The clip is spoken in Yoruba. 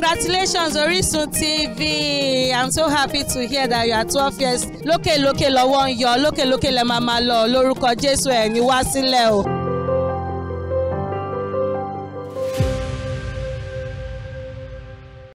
congratulations Orisun TV i'm so happy to hear that you are twelve years lókèlókè lọ́wọ́ ń yọ lókèlókè lẹ́ máa máa lọ lórúkọ Jésù ẹ̀ ní wá sílẹ̀ o.